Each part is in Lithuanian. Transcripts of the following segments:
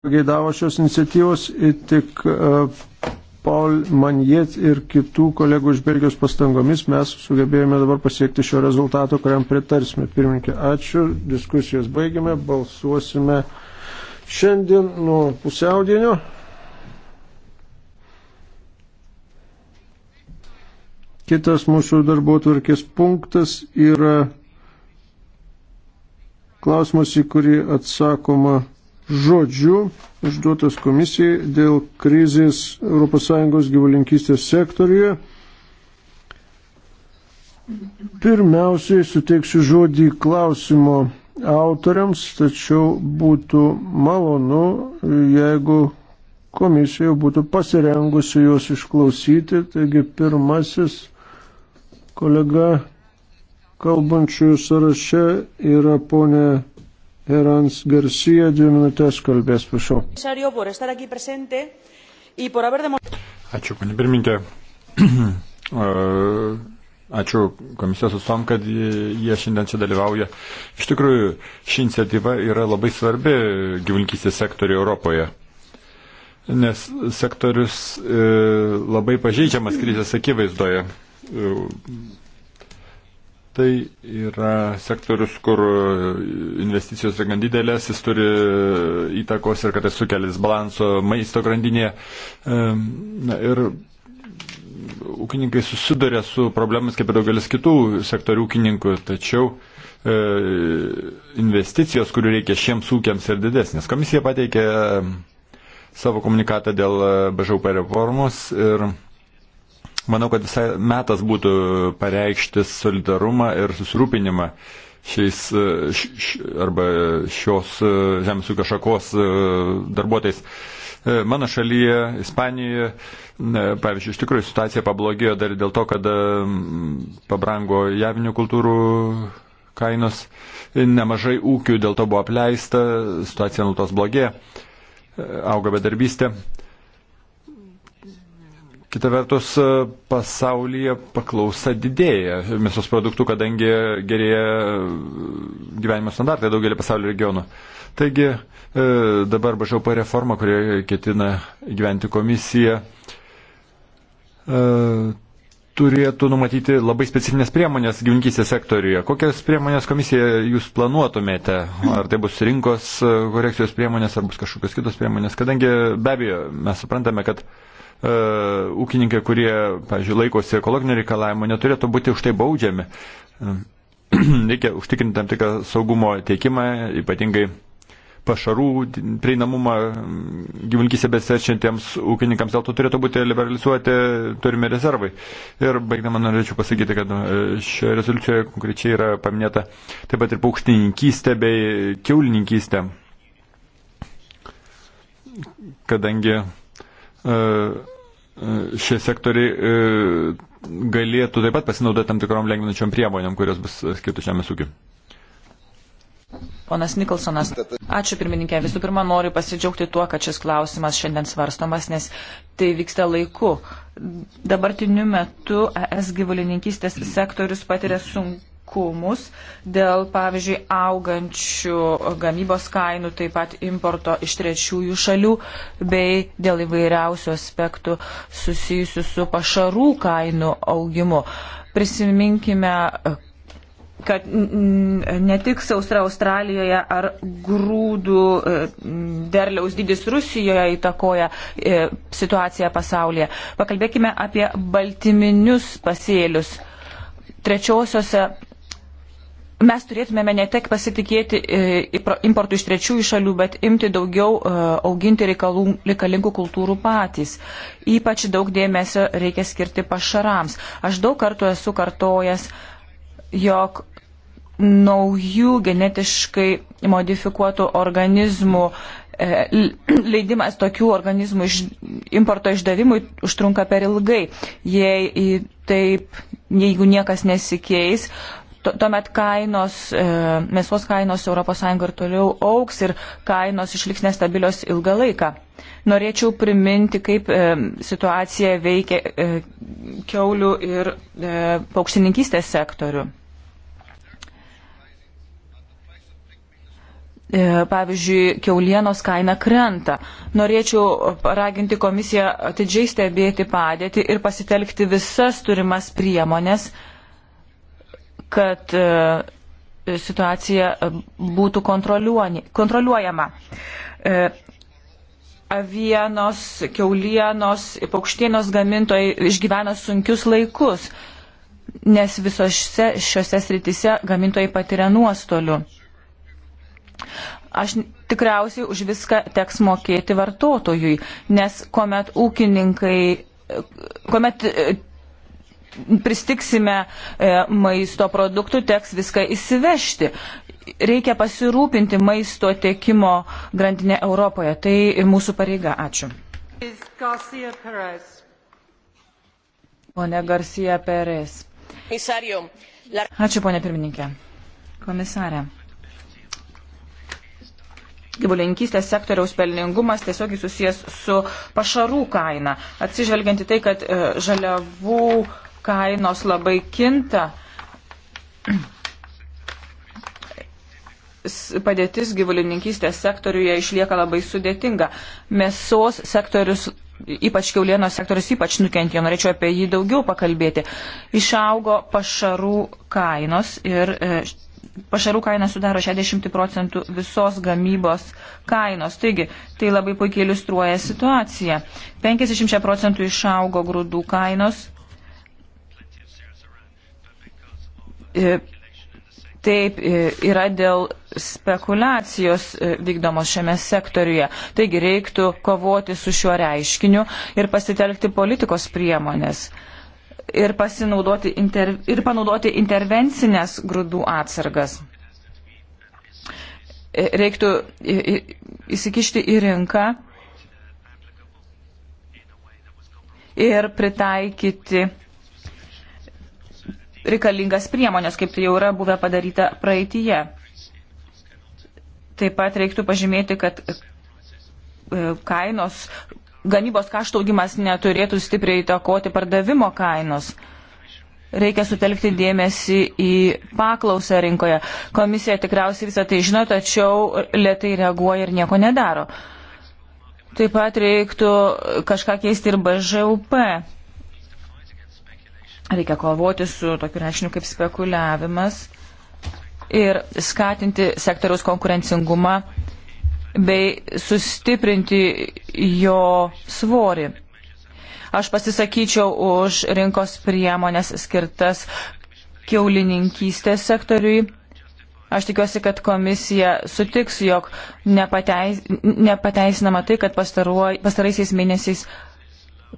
pageidavo šios iniciatyvos ir tik e, Paul Manjet ir kitų kolegų iš Belgijos pastangomis mes sugebėjome dabar pasiekti šio rezultato, kuriam pritarsime. Pirmininkė, ačiū, diskusijas baigime, balsuosime šiandien nuo pusiaudienio. Kitas mūsų darbo tvarkės punktas yra klausimas, į kurį atsakoma žodžiu užduotas komisijai dėl krizės ES gyvulinkystės sektorijoje. Pirmiausiai suteiksiu žodį klausimo autoriams, tačiau būtų malonu, jeigu komisija būtų pasirengusi juos išklausyti. Taigi pirmasis kolega kalbančiųjų sąraše yra ponė Herans Garcia, dvi minutės kalbės, prašau. Ačiū, panė pirmininkė. Ačiū komisijos atstovam, kad jie šiandien čia dalyvauja. Iš tikrųjų, ši iniciatyva yra labai svarbi gyvulinkystės sektoriui Europoje, nes sektorius e, labai pažeidžiamas krizės akivaizdoje. E, Tai yra sektorius, kur e, investicijos yra gan didelės, jis turi e, įtakos ir kad tai sukelia disbalanso maisto grandinėje. E, na, ir ūkininkai susiduria su problemas kaip ir daugelis kitų sektorių ūkininkų, tačiau e, investicijos, kurių reikia šiems ūkiams, yra didesnės. Komisija pateikė savo komunikatą dėl BŽUP reformos ir Manau, kad visai metas būtų pareikšti solidarumą ir susirūpinimą šiais e, š, arba šios e, žemės ūkio šakos e, darbuotojais. Mano šalyje, Ispanijoje, pavyzdžiui, iš tikrųjų situacija pablogėjo dar dėl to, kad pabrango javinių kultūrų kainos, nemažai ūkių dėl to buvo apleista, situacija nuolatos blogėja, auga bedarbystė. Kita vertus, pasaulyje paklausa didėja mėsos produktų, kadangi gerėja e, gyvenimo standartai daugelį pasaulio regionų. Taigi e, dabar BŽP reforma, kurioje ketina gyventi komisija, e, turėtų numatyti labai specifines priemonės gyvinkysės sektoriuje. Kokias priemonės komisija jūs planuotumėte? Ar tai bus rinkos korekcijos priemonės, ar bus kažkokios kitos priemonės? Kadangi be abejo mes suprantame, kad uh, E, ūkininkai, kurie, pažiūrėjau, laikosi ekologinio reikalavimo, neturėtų būti už tai baudžiami. Reikia užtikrinti tam tikrą saugumo teikimą, ypatingai pašarų prieinamumą gyvulinkysė besiečiantiems ūkininkams, dėl to turėtų būti liberalizuoti turimi rezervai. Ir baigdama norėčiau pasakyti, kad e, šioje rezoliucijoje konkrečiai yra paminėta taip pat ir paukštininkystė bei kiaulininkystė, kadangi uh, šie sektoriai e, galėtų taip pat pasinaudoti tam tikrom lengvinančiom priemonėm, kurios bus skirtos žemės ūkiu. Ponas Nikolsonas, ačiū pirmininkė. Visų pirma, noriu pasidžiaugti tuo, kad šis klausimas šiandien svarstomas, nes tai vyksta laiku. Dabartiniu metu ES gyvulininkystės sektorius patiria sunku sunkumus dėl, pavyzdžiui, augančių gamybos kainų, taip pat importo iš trečiųjų šalių, bei dėl įvairiausių aspektų susijusių su pašarų kainų augimu. Prisiminkime, kad ne tik sausra Australijoje ar grūdų e, derliaus dydis Rusijoje įtakoja e, situaciją pasaulyje. Pakalbėkime apie baltyminius pasėlius. Trečiosiose mes turėtumėme ne tik pasitikėti e, importų iš trečiųjų šalių, bet imti daugiau e, auginti reikalų, reikalingų kultūrų patys. Ypač daug dėmesio reikia skirti pašarams. Aš daug kartų esu kartojęs, jog naujų genetiškai modifikuotų organizmų e, leidimas tokių organizmų iš, importo išdavimui užtrunka per ilgai. Jei taip, jeigu niekas nesikeis, tuomet kainos, e, mėsos kainos ES ir toliau auks ir kainos išliks nestabilios ilgą laiką. Norėčiau priminti, kaip e, situacija veikia e, keulių ir paukštininkystės sektorių. pavyzdžiui, keulienos kaina krenta. Norėčiau paraginti komisiją atidžiai stebėti padėtį ir pasitelkti visas turimas priemonės, kad e, situacija e, būtų kontroliuojama. E, avienos, keulienos, paukštienos gamintojai išgyvena sunkius laikus, nes visose šiose sritise gamintojai patiria nuostolių. Aš tikriausiai už viską teks mokėti vartotojui, nes kuomet ūkininkai, kuomet pristiksime e, maisto produktų, teks viską įsivežti. Reikia pasirūpinti maisto tiekimo grandinę Europoje. Tai mūsų pareiga. Ačiū. Pone Garcia Perez. Ačiū, ponė pirmininkė. Komisarė. Gyvulinkystės sektoriaus pelningumas tiesiog susijęs su pašarų kaina. Atsižvelgianti tai, kad e, žaliavų kainos labai kinta. Padėtis gyvulininkystės sektoriuje išlieka labai sudėtinga. Mėsos sektorius ypač keulienos sektorius ypač nukentėjo, norėčiau apie jį daugiau pakalbėti. Išaugo pašarų kainos ir e, pašarų kaina sudaro 60 procentų visos gamybos kainos. Taigi, tai labai puikiai iliustruoja situaciją. 50 procentų išaugo grūdų kainos, E, taip e, yra dėl spekulacijos e, vykdomos šiame sektoriuje. Taigi reiktų kovoti su šiuo reiškiniu ir pasitelkti politikos priemonės ir, inter, ir panaudoti intervencinės grūdų atsargas. Reiktų įsikišti į rinką ir pritaikyti reikalingas priemonės, kaip tai jau yra buvę padaryta praeitie. Taip pat reiktų pažymėti, kad e, kainos, gamybos kaštų augimas neturėtų stipriai įtakoti pardavimo kainos. Reikia sutelkti dėmesį į paklausą rinkoje. Komisija tikriausiai visą tai žino, tačiau lietai reaguoja ir nieko nedaro. Taip pat reiktų kažką keisti ir BŽUP Reikia kovoti su tokiu reiškiniu kaip spekuliavimas ir skatinti sektoriaus konkurencingumą bei sustiprinti jo svorį. Aš pasisakyčiau už rinkos priemonės skirtas kiaulininkystės sektoriui. Aš tikiuosi, kad komisija sutiks, jog nepateis, nepateisinama tai, kad pastaraisiais mėnesiais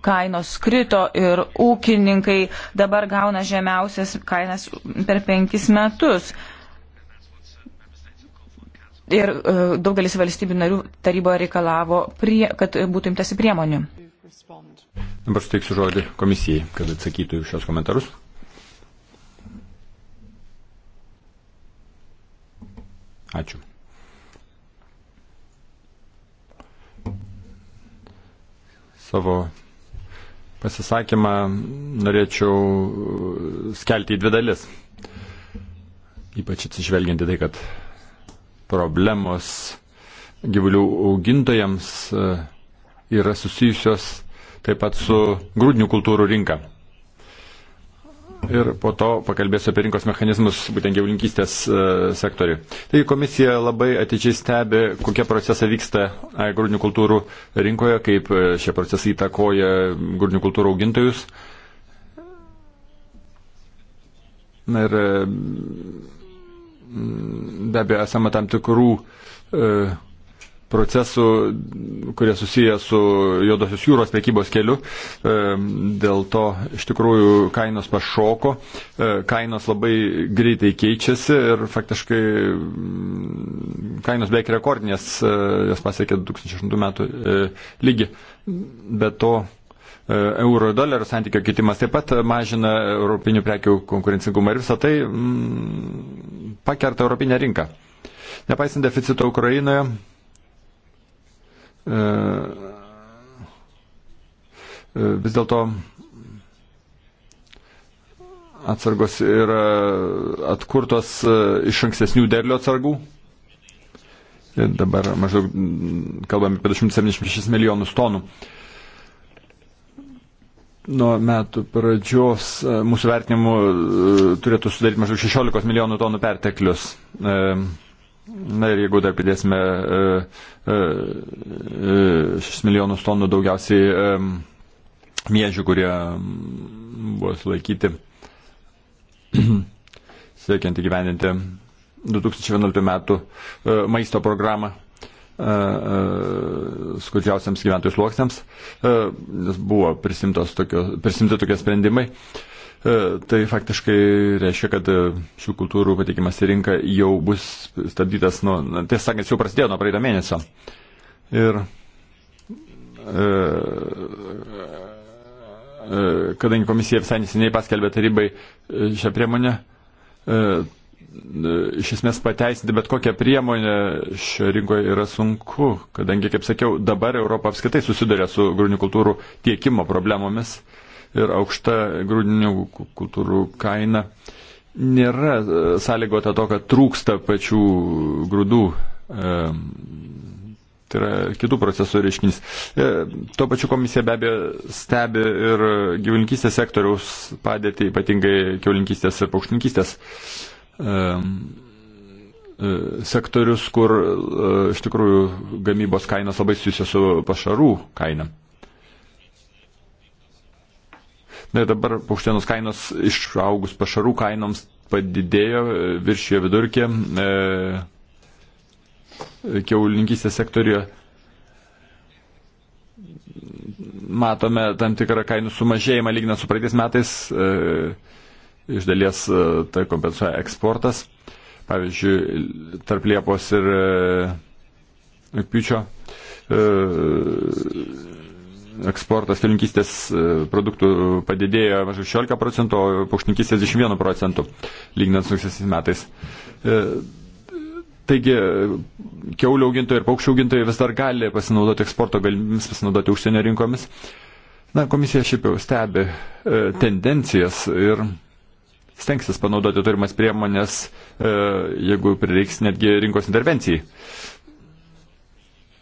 kainos krito ir ūkininkai dabar gauna žemiausias kainas per penkis metus. Ir e, daugelis valstybių narių taryboje reikalavo, prie, kad būtų imtasi priemonių. Dabar suteiksiu žodį komisijai, kad atsakytų į šios komentarus. Ačiū. Savo pasisakymą norėčiau uh, skelti į dvi dalis. Ypač atsižvelgiant į tai, kad problemos gyvulių augintojams uh, yra susijusios taip pat su grūdinių kultūrų rinka ir po to pakalbėsiu apie rinkos mechanizmus būtent gyvulinkystės e, sektoriui. Taigi komisija labai atidžiai stebi, kokie procesai vyksta e, grūdinių kultūrų rinkoje, kaip e, šie procesai įtakoja grūdinių kultūrų augintojus. Na ir be abejo, esame tam tikrų uh, procesų, kurie susiję su Jodosios jūros prekybos keliu. E, dėl to iš tikrųjų kainos pašoko, e, kainos labai greitai keičiasi ir faktiškai mm, kainos beveik rekordinės, e, jas pasiekė 2008 metų lygį. Be to euro dolerio santykio kitimas taip pat mažina europinių prekių konkurencingumą ir visą tai mm, pakerta europinę rinką. Nepaisant deficito Ukrainoje, E, e, vis dėlto atsargos yra atkurtos e, iš ankstesnių derlių atsargų. Ir dabar maždaug mm, kalbame apie 276 milijonus tonų. Nuo metų pradžios mūsų vertinimu turėtų sudaryti maždaug 16 milijonų tonų perteklius. E, Na ir jeigu dar pridėsime 6 e, e, e, milijonus tonų daugiausiai mėžių, kurie buvo sulaikyti, siekiant įgyvendinti 2011 metų maisto programą skurdžiausiams gyventojų sluoksniams, nes buvo prisimti tokie sprendimai. E, tai faktiškai reiškia, kad e, šių kultūrų patikimas į rinką jau bus stabdytas, nu, tiesą sakant, jau prasidėjo nuo praeito mėnesio. Ir e, kadangi komisija visai neseniai paskelbė tarybai šią priemonę, iš esmės pateisinti bet kokią priemonę šioje rinkoje yra sunku, kadangi, kaip sakiau, dabar Europa apskaitai susiduria su grūnių kultūrų tiekimo problemomis ir aukšta grūdinių kultūrų kaina nėra e, sąlygota to, kad trūksta pačių grūdų. E, tai yra kitų procesų reiškinys. E, tuo pačiu komisija be abejo stebi ir gyvulinkystės sektoriaus padėtį, ypatingai gyvulinkystės ir paukštinkystės sektorius, kur iš tikrųjų gamybos kainos labai susijusios su pašarų kaina. Na ir dabar paukštienos kainos išaugus pašarų kainoms padidėjo viršijo vidurkį e, keulininkystės sektorijoje. Matome tam tikrą kainų sumažėjimą lyginant su praeitais metais. E, iš dalies e, tai kompensuoja eksportas. Pavyzdžiui, tarp Liepos ir e, Pičio. E, eksportas filinkistės e, produktų padidėjo maždaug 16 procentų, o paukštininkistės 21 procentų, lyginant su ankstesniais metais. E, taigi, keulių augintojai ir paukščių augintojai vis dar gali pasinaudoti eksporto galimybėmis, pasinaudoti užsienio rinkomis. Na, komisija šiaip jau stebi e, tendencijas ir stengsis panaudoti turimas priemonės, e, jeigu prireiks netgi rinkos intervencijai. E,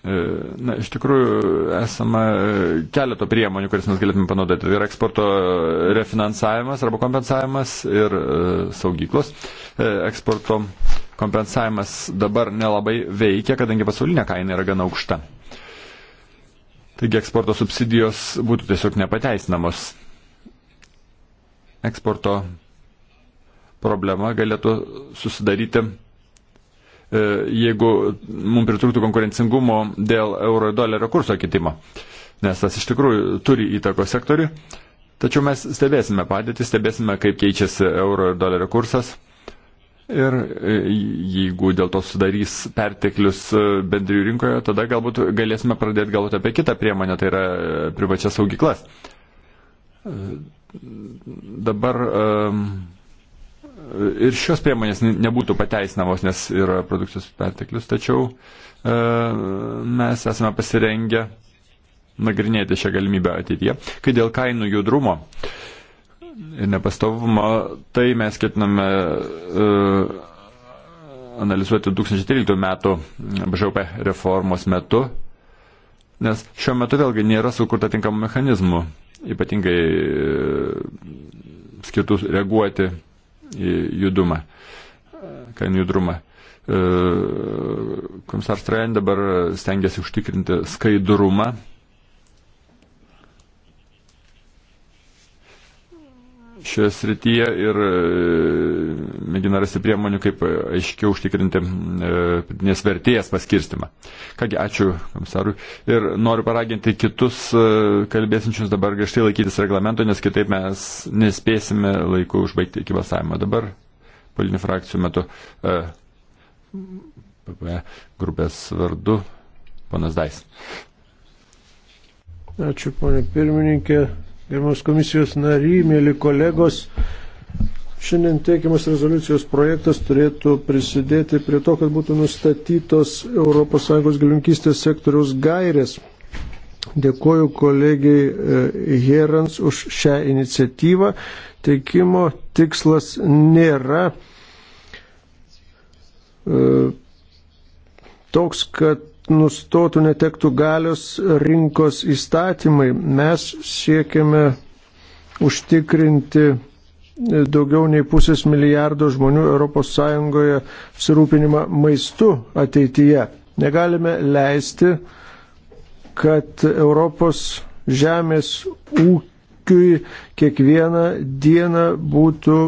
E, na, iš tikrųjų, esame keleto priemonių, kuris mes galėtume panaudoti. Tai yra eksporto e, refinansavimas arba kompensavimas ir e, saugyklos. Eksporto kompensavimas dabar nelabai veikia, kadangi pasaulinė kaina yra gana aukšta. Taigi eksporto subsidijos būtų tiesiog nepateisinamos. Eksporto problema galėtų susidaryti E, jeigu mums pritrūktų konkurencingumo dėl euro ir dolerio kurso kitimo. Nes tas iš tikrųjų turi įtako sektoriui. Tačiau mes stebėsime padėtį, stebėsime, kaip keičiasi euro ir dolerio kursas. Ir e, jeigu dėl to sudarys perteklius e, bendrių rinkoje, tada galbūt galėsime pradėti galvoti apie kitą priemonę, tai yra privačias saugyklas. Dabar um, ir šios priemonės nebūtų pateisinamos, nes yra produkcijos perteklius, tačiau e, mes esame pasirengę nagrinėti šią galimybę ateityje. Kai dėl kainų judrumo ir nepastovumo, tai mes ketiname e, analizuoti 2013 metų BŽP reformos metu, nes šiuo metu vėlgi nėra sukurta tinkamų mechanizmų, ypatingai e, skirtų reaguoti judumą, kainų judrumą. E, Komisar Strain dabar stengiasi užtikrinti skaidrumą šioje srityje ir e, mėgina rasti priemonių, kaip e, aiškiau užtikrinti e, pridinės vertėjas paskirstimą. Kągi, ačiū komisarui ir noriu paraginti kitus kalbėsinčius dabar griežtai laikytis reglamento, nes kitaip mes nespėsime laiku užbaigti iki balsavimo. Dabar politinių frakcijų metu PPE grupės vardu, ponas Dais. Ačiū, ponė pirmininkė. Gerbiamas komisijos nary, mėly kolegos, šiandien teikiamas rezoliucijos projektas turėtų prisidėti prie to, kad būtų nustatytos ES gyvulinkystės sektoriaus gairės. Dėkoju kolegiai e, Herans už šią iniciatyvą. Teikimo tikslas nėra e, toks, kad nustotų, netektų galios rinkos įstatymai. Mes siekiame užtikrinti daugiau nei pusės milijardo žmonių ES apsirūpinimą maistu ateityje. Negalime leisti, kad Europos žemės ūkiui kiekvieną dieną būtų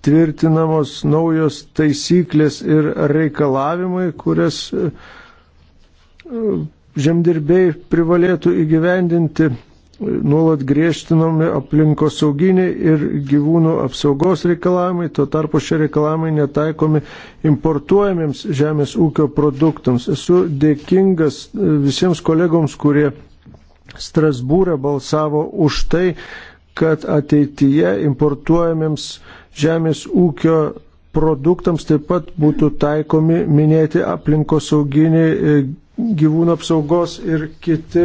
tvirtinamos naujos taisyklės ir reikalavimai, kurias žemdirbiai privalėtų įgyvendinti nuolat griežtinami aplinkos sauginiai ir gyvūnų apsaugos reikalavimai, tuo tarpu šie reikalavimai netaikomi importuojamiems žemės ūkio produktams. Esu dėkingas e, visiems kolegoms, kurie Strasbūrė balsavo už tai, kad ateityje importuojamiems žemės ūkio produktams taip pat būtų taikomi minėti aplinkosauginiai e, gyvūnų apsaugos ir kiti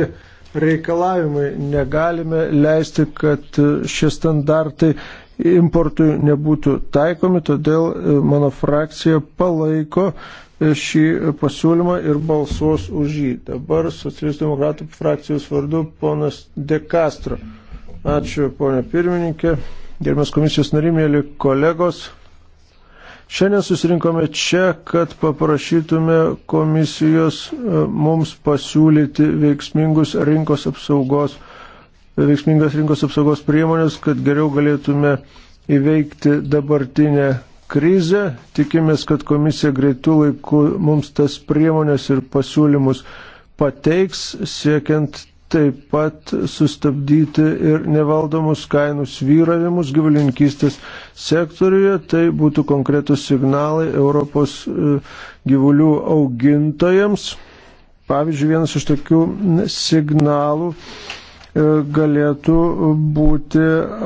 reikalavimai. Negalime leisti, kad šie standartai importui nebūtų taikomi, todėl e, mano frakcija palaiko e, šį pasiūlymą ir balsuos už jį. Dabar socialistų demokratų frakcijos vardu ponas De Castro. Ačiū, ponė pirmininkė. Gerbiamas komisijos narimėlį kolegos. Šiandien susirinkome čia, kad paprašytume komisijos e, mums pasiūlyti veiksmingus rinkos apsaugos, veiksmingas rinkos apsaugos priemonės, kad geriau galėtume įveikti dabartinę krizę. Tikimės, kad komisija greitų laikų mums tas priemonės ir pasiūlymus pateiks, siekiant taip pat sustabdyti ir nevaldomus kainų svyravimus gyvulinkystės sektoriuje. Tai būtų konkretus signalai Europos e, gyvulių augintojams. Pavyzdžiui, vienas iš tokių signalų e, galėtų būti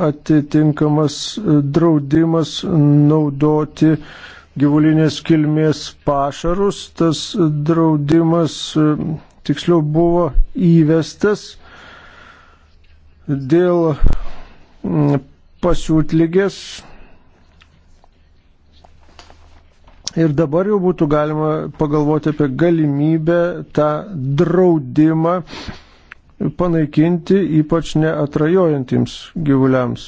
atitinkamas e, draudimas naudoti gyvulinės kilmės pašarus. Tas draudimas tiksliau buvo įvestas dėl mm, pasiūtlygės ir dabar jau būtų galima pagalvoti apie galimybę tą draudimą panaikinti, ypač neatrajojantiems gyvuliams.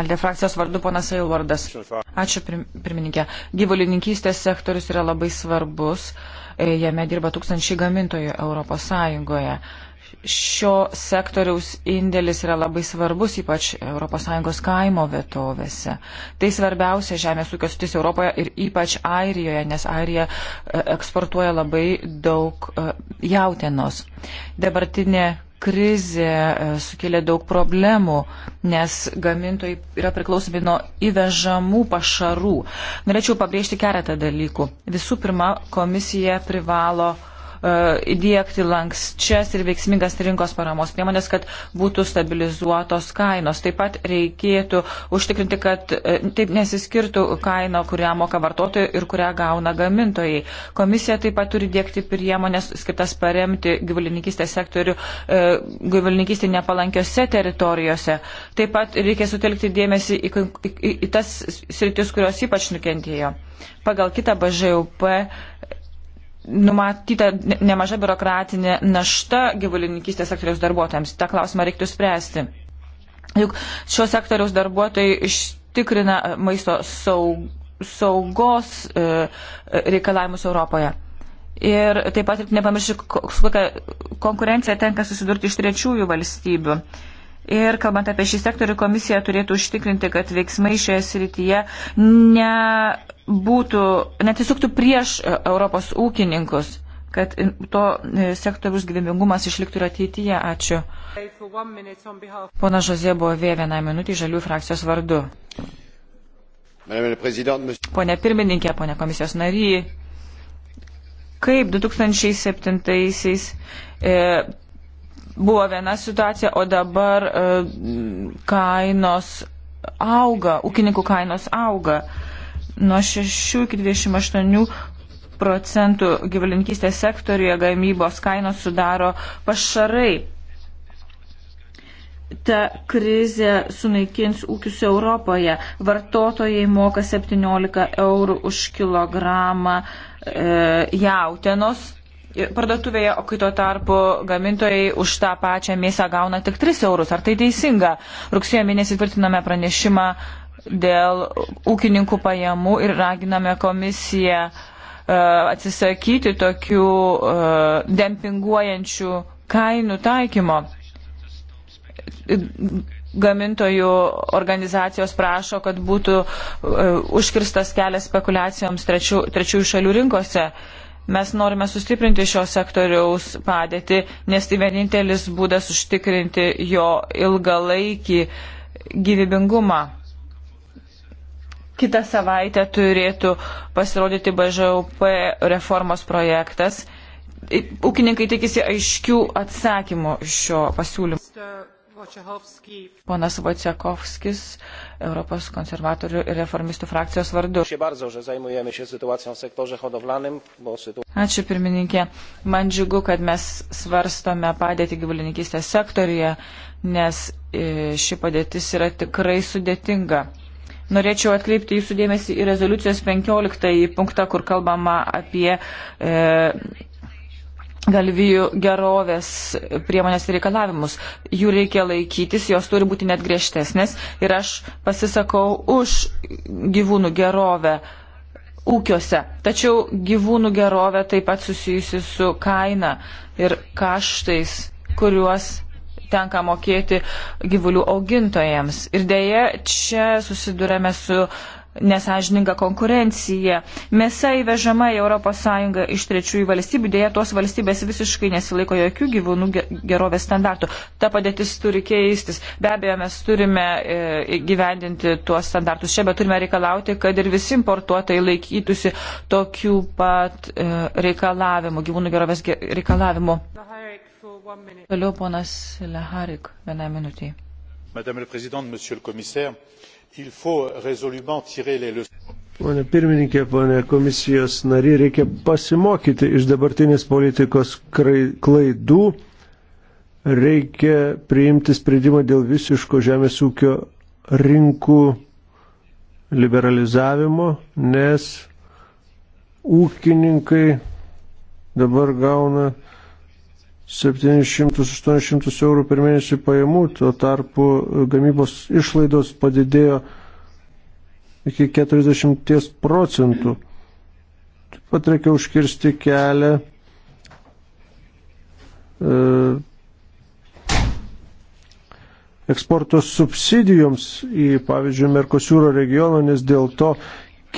Alde frakcijos vardu ponas Eilvardas. Ačiū pirmininkė. Gyvulininkystės sektorius yra labai svarbus. Uh, Jame dirba tūkstančiai gamintojų Europos Sąjungoje. Šio sektoriaus indėlis yra labai svarbus, ypač ES kaimo vietovėse. Tai svarbiausia žemės ūkio sutis Europoje ir ypač Airijoje, nes Airija e, eksportuoja labai daug e, jautienos. Dabartinė krizė e, sukėlė daug problemų, nes gamintojai yra priklausomi nuo įvežamų pašarų. Norėčiau pabrėžti keletą dalykų. Visų pirma, komisija privalo uh, E, įdėkti lankščias ir veiksmingas rinkos paramos priemonės, kad būtų stabilizuotos kainos. Taip pat reikėtų užtikrinti, kad e, taip nesiskirtų kaina, kurią moka vartotojai ir kurią gauna gamintojai. Komisija taip pat turi dėkti priemonės skirtas paremti gyvulininkystės sektorių e, gyvulininkystė nepalankiose teritorijose. Taip pat reikia sutelkti dėmesį į, į, į tas sritis, kurios ypač nukentėjo. Pagal kitą BŽUP numatyta nemaža biurokratinė našta gyvulininkystės sektoriaus darbuotojams. Ta klausimą reiktų spręsti. Juk šio sektoriaus darbuotojai ištikrina maisto saug, saugos e, reikalavimus Europoje. Ir taip pat ir nepamiršti, su kokia konkurencija tenka susidurti iš trečiųjų valstybių. Ir kalbant apie šį sektorių, komisija turėtų užtikrinti, kad veiksmai šioje srityje ne būtų, netisuktų prieš e, Europos ūkininkus, kad to e, sektorius gyvybingumas išliktų ir ateityje. Ačiū. Pona Žozė buvo vė vieną minutį žalių frakcijos vardu. Pone pirmininkė, pone komisijos nary, kaip 2007-aisiais e, buvo viena situacija, o dabar e, kainos auga, ūkininkų kainos auga. E, nuo 6 iki 28 procentų gyvulinkystės sektoriuje gamybos kainos sudaro pašarai. Ta krizė sunaikins ūkius Europoje. Vartotojai moka 17 eurų už kilogramą e, jautienos parduotuvėje, o kai tuo tarpu gamintojai už tą pačią mėsą gauna tik 3 eurus. Ar tai teisinga? Rugsėjo mėnesį tvirtiname pranešimą dėl ūkininkų pajamų ir raginame komisiją e, atsisakyti tokių e, dempinguojančių kainų taikymo. Gamintojų organizacijos prašo, kad būtų e, užkirstas kelias spekulacijoms trečių, trečiųjų šalių rinkose mes norime sustiprinti šio sektoriaus padėtį, nes tai vienintelis būdas užtikrinti jo ilgalaikį gyvybingumą. Kitą savaitę turėtų pasirodyti BŽUP reformos projektas. Ūkininkai tikisi aiškių atsakymų šio pasiūlymo. Ponas Wojciechowskis, Europos konserwatorių ir reformistų frakcijos vardu. Ačiū pirmininkė. Man džiugu, kad mes svarstome padėti gyvulininkystės sektoriuje, nes e, ši padėtis yra tikrai sudėtinga. Norėčiau atkreipti jūsų dėmesį į rezoliucijos 15 punktą, kur kalbama apie e, galvijų gerovės priemonės ir reikalavimus. Jų reikia laikytis, jos turi būti net griežtesnės ir aš pasisakau už gyvūnų gerovę ūkiuose. Tačiau gyvūnų gerovė taip pat susijusi su kaina ir kaštais, kuriuos tenka mokėti gyvulių augintojams. Ir dėje čia susidurėme su nesažininga konkurencija. Mėsa įvežama į ES iš trečiųjų valstybių, dėja tos valstybės visiškai nesilaiko jokių gyvūnų gerovės standartų. Ta padėtis turi keistis. Be abejo, mes turime e, gyvendinti tuos standartus čia, bet turime reikalauti, kad ir visi importuotojai laikytųsi tokių pat e, reikalavimų, gyvūnų gerovės ge reikalavimų. Baharik. Toliau ponas Leharik, vieną minutį. Madame la Présidente, Monsieur le Commissaire, il faut résolument tirer les leçons. Pone pirmininkė, pone komisijos nariai, reikia pasimokyti iš dabartinės politikos klaidų, reikia priimti sprendimą dėl visiško žemės ūkio rinkų liberalizavimo, nes ūkininkai dabar gauna 700-800 eurų per mėnesį pajamų, tuo tarpu e, gamybos išlaidos padidėjo iki 40 procentų. Taip pat reikia užkirsti kelią e, eksporto subsidijoms į, pavyzdžiui, Merkosiūro regioną, nes dėl to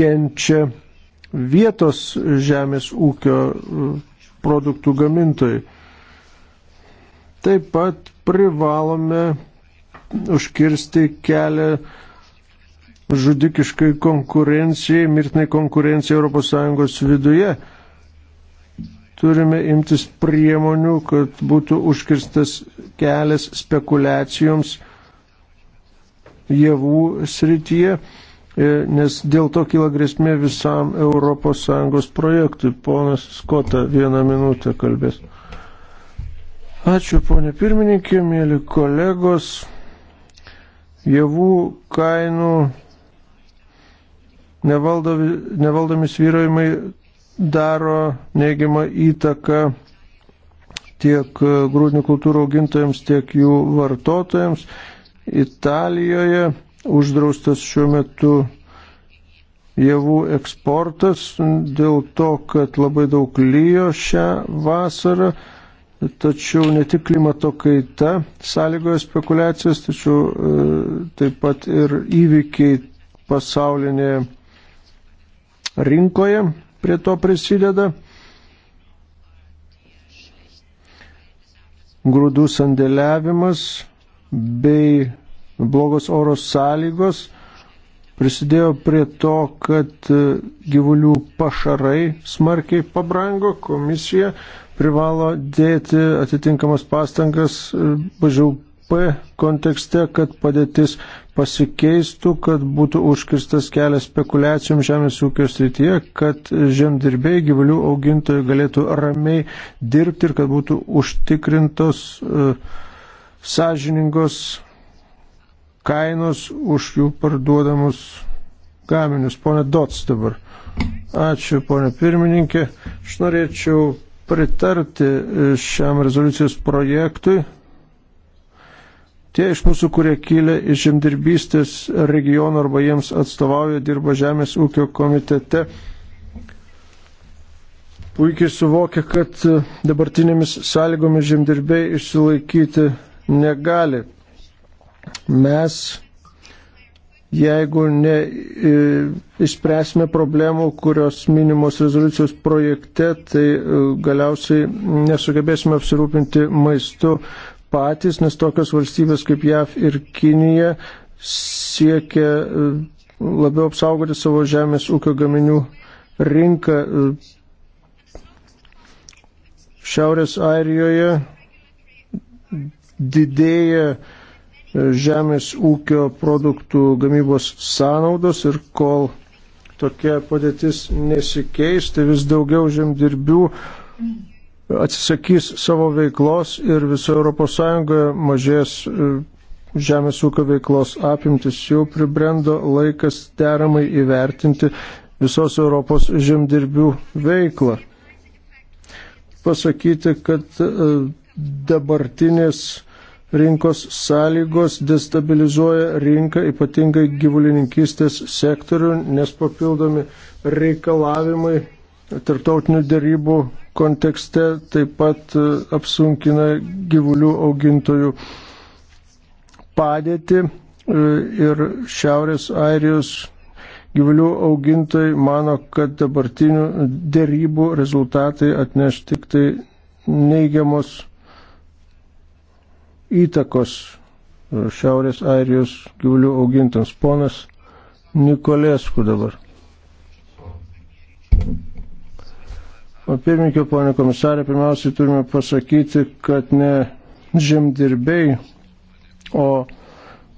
kenčia vietos žemės ūkio e, produktų gamintojai. Taip pat privalome užkirsti kelią žudikiškai konkurencijai, mirtinai konkurencijai ES viduje. Turime imtis priemonių, kad būtų užkirstas kelias spekulacijoms javų srityje, e, nes dėl to kyla grėsmė visam ES projektui. Ponas Skota vieną minutę kalbės. Ačiū, ponė pirmininkė, mėly kolegos. Javų kainų nevaldomi, nevaldomi svyravimai daro neigiamą įtaką tiek e, grūdinių kultūrų augintojams, tiek jų vartotojams. Italijoje uždraustas šiuo metu javų eksportas dėl to, kad labai daug lyjo šią vasarą Tačiau ne tik klimato kaita sąlygoja spekulacijas, tačiau e, taip pat ir įvykiai pasaulinėje rinkoje prie to prisideda. Grūdų sandėliavimas bei blogos oro sąlygos prisidėjo prie to, kad e, gyvulių pašarai smarkiai pabrango. Komisija privalo dėti atitinkamas pastangas e, BŽP kontekste, kad padėtis pasikeistų, kad būtų užkirstas kelias spekulacijom žemės ūkio srityje, kad žemdirbėjai, gyvulių augintojai galėtų ramiai dirbti ir kad būtų užtikrintos e, sąžiningos kainos už jų parduodamus gaminius. Pone Dots dabar. Ačiū, ponė pirmininkė. Aš norėčiau pritarti e, šiam rezoliucijos projektui. Tie iš mūsų, kurie kilė iš žemdirbystės regiono arba jiems atstovauja, dirba Žemės ūkio komitete, puikiai suvokia, kad e, dabartinėmis sąlygomis žemdirbiai išsilaikyti negali. Mes jeigu neišspręsime e, problemų, kurios minimos rezoliucijos projekte, tai e, galiausiai nesugebėsime apsirūpinti maistu patys, nes tokios valstybės kaip JAV ir Kinija siekia e, labiau apsaugoti savo žemės ūkio gaminių rinką. Šiaurės Airijoje didėja žemės ūkio produktų gamybos sąnaudos ir kol tokia padėtis nesikeis, tai vis daugiau žemdirbių atsisakys savo veiklos ir viso ES mažės e, žemės ūkio veiklos apimtis. Jau pribrendo laikas deramai įvertinti visos Europos žemdirbių veiklą. Pasakyti, kad e, dabartinės rinkos sąlygos destabilizuoja rinką, ypatingai gyvulininkystės sektorių, nes papildomi reikalavimai tarptautinių dėrybų kontekste taip pat e, apsunkina gyvulių augintojų padėtį e, ir Šiaurės Airijos gyvulių augintojai mano, kad dabartinių dėrybų rezultatai atneš tik tai neigiamos įtakos e, Šiaurės Airijos gyvulių augintams. Ponas Nikolėsku dabar. O pirmininkio, ponė komisarė, pirmiausiai turime pasakyti, kad ne žemdirbiai, o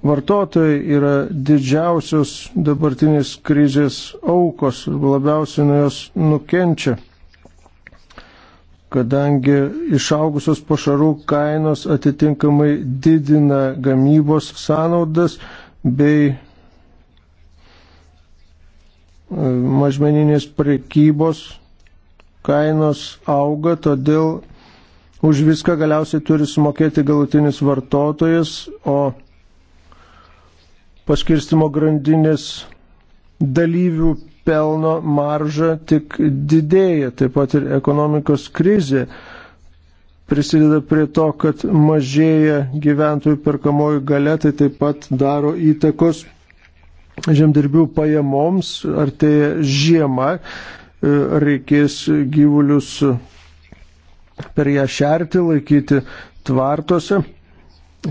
vartotojai yra didžiausios dabartinės krizės aukos, labiausiai nuo jos nukenčia kadangi išaugusios pašarų kainos atitinkamai didina gamybos sąnaudas bei e, mažmeninės prekybos kainos auga, todėl už viską galiausiai turi sumokėti galutinis vartotojas, o paskirstimo grandinės dalyvių pelno marža tik didėja, taip pat ir ekonomikos krizė prisideda prie to, kad mažėja gyventojų perkamoji galia, tai taip pat daro įtakos žemdirbių pajamoms, artėja žiema, e, reikės gyvulius per ją šerti, laikyti tvartose.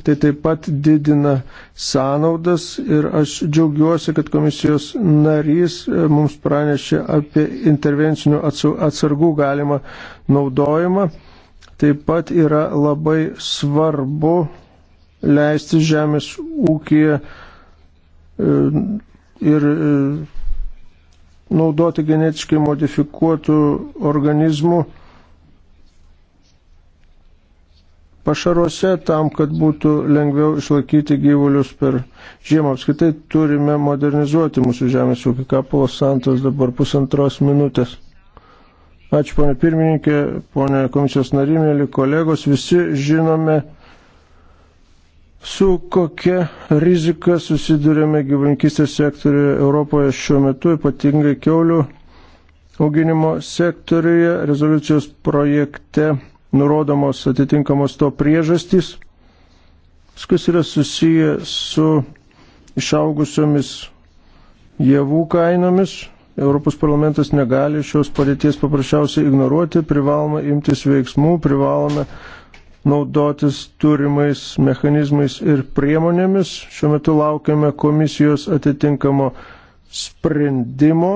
Tai taip pat didina sąnaudas ir aš džiaugiuosi, kad komisijos narys e, mums pranešė apie intervencinių atsargų galimą naudojimą. Taip pat yra labai svarbu leisti žemės ūkiją e, ir e, naudoti genetiškai modifikuotų organizmų pašaruose tam, kad būtų lengviau išlaikyti gyvulius per žiemą. Apskaitai turime modernizuoti mūsų žemės ūkį. Kapolas Santos dabar pusantros minutės. Ačiū, ponė pirmininkė, ponė komisijos narimėlį, kolegos. Visi žinome, su kokia rizika susidurėme gyvulinkistės sektoriuje Europoje šiuo metu, ypatingai keulių auginimo sektoriuje. Rezoliucijos projekte nurodomos atitinkamos to priežastys. Viskas yra susiję su išaugusiomis javų kainomis. Europos parlamentas negali šios padėties paprasčiausiai ignoruoti, privaloma imtis veiksmų, privalome naudotis turimais mechanizmais ir priemonėmis. Šiuo metu laukiame komisijos atitinkamo sprendimo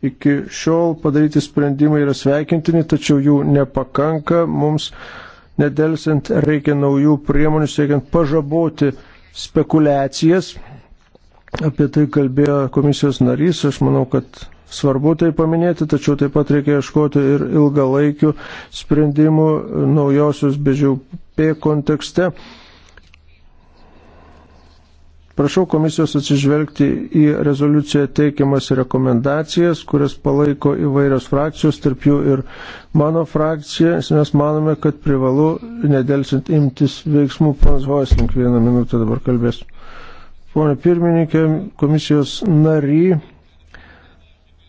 Iki šiol padaryti sprendimai yra sveikintini, tačiau jų nepakanka. Mums nedelsiant reikia naujų priemonių, siekiant pažaboti spekulacijas. Apie tai kalbėjo komisijos narys, aš manau, kad svarbu tai paminėti, tačiau taip pat reikia ieškoti ir ilgalaikių sprendimų naujosios bežiaupė kontekste. Prašau komisijos atsižvelgti į rezoliuciją teikiamas rekomendacijas, kurias palaiko įvairios frakcijos, tarp jų ir mano frakcija. Mes manome, kad privalu nedelsint imtis veiksmų. Panas Hoisink vieną minutę dabar kalbės. Pone pirmininkė, komisijos nary.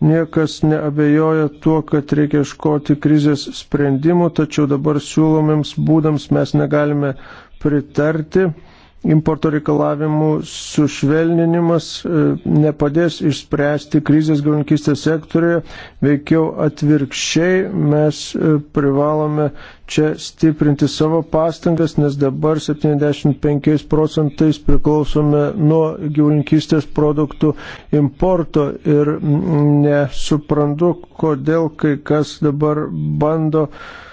Niekas neabejoja tuo, kad reikia iškoti krizės sprendimų, tačiau dabar siūlomiems būdams mes negalime pritarti importo reikalavimų sušvelninimas e, nepadės išspręsti krizės galvinkistės sektorėje, veikiau atvirkščiai mes e, privalome čia stiprinti savo pastangas, nes dabar 75 procentais priklausome nuo gyvulinkistės produktų importo ir mm, nesuprantu, kodėl kai kas dabar bando uh,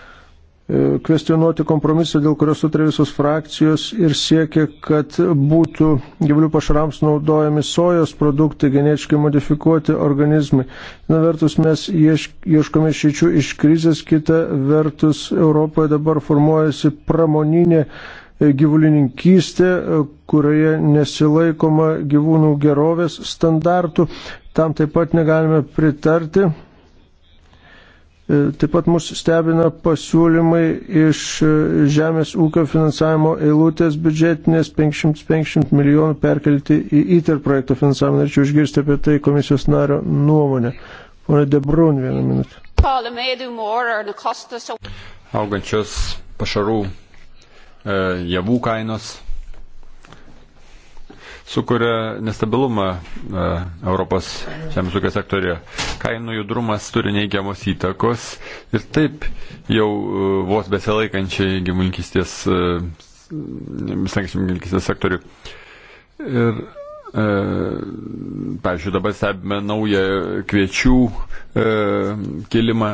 E, kvestionuoti kompromisą, dėl kurio sutarė visos frakcijos ir siekia, kad būtų gyvulių pašarams naudojami sojos produktai, genetiškai modifikuoti organizmai. Viena vertus mes ieškome šečių iš krizės, kita vertus Europoje dabar formuojasi pramoninė e, gyvulininkystė, e, kurioje nesilaikoma gyvūnų gerovės standartų. Tam taip pat negalime pritarti E, taip pat mus stebina pasiūlymai iš e, žemės ūkio finansavimo eilutės biudžetinės 550 milijonų perkelti į ITER projekto finansavimą. Norėčiau išgirsti apie tai komisijos nario nuomonę. Pone Debrun, vieną minutę. Augančios pašarų e, javų kainos sukuria nestabilumą Europos žemės ūkio sektorija. Kainų judrumas turi neigiamos įtakos ir taip jau vos besilaikančiai gyvulinkistės, visai gyvulinkistės sektoriui. Ir E, pavyzdžiui, dabar stebime naują kviečių e, kilimą,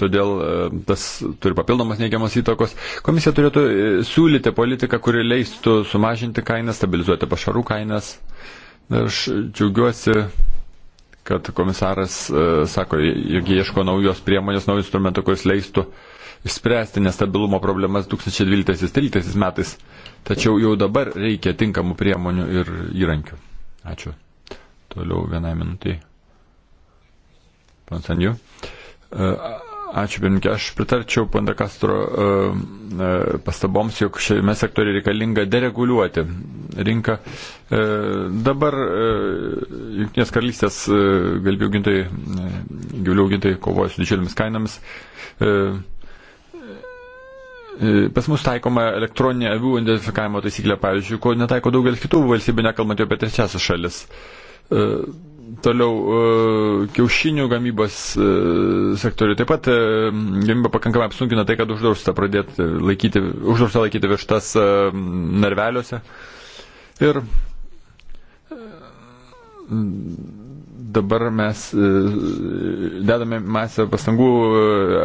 todėl e, tas turi papildomas neigiamas įtakos. Komisija turėtų siūlyti politiką, kuri leistų sumažinti kainas, stabilizuoti pašarų kainas. Aš džiaugiuosi, kad komisaras sako, jog ieško naujos priemonės, naujų instrumentų, kuris leistų išspręsti nestabilumo problemas 2012-2013 metais. Tačiau jau dabar reikia tinkamų priemonių ir įrankių. Ačiū. Toliau vienai minutai. Pansanjų. E, ačiū, pirmininkė. Aš pritarčiau Panda Castro e, e, pastaboms, jog šiame sektoriu reikalinga dereguliuoti rinką. Dabar Junktinės karalystės galvių augintojai, gyvulių augintojai kovoja su didžiulėmis kainomis. E, E, pas mus taikoma elektroninė avių identifikavimo taisyklė, pavyzdžiui, ko netaiko daugelis kitų valstybių, nekalbant jau apie trečiasias šalis. E, toliau e, kiaušinių gamybos e, sektoriui taip pat e, gamyba pakankamai apsunkina tai, kad uždrausta pradėti e, laikyti, uždrausta laikyti vištas narveliuose. Ir dabar mes e, dedame masę pastangų e,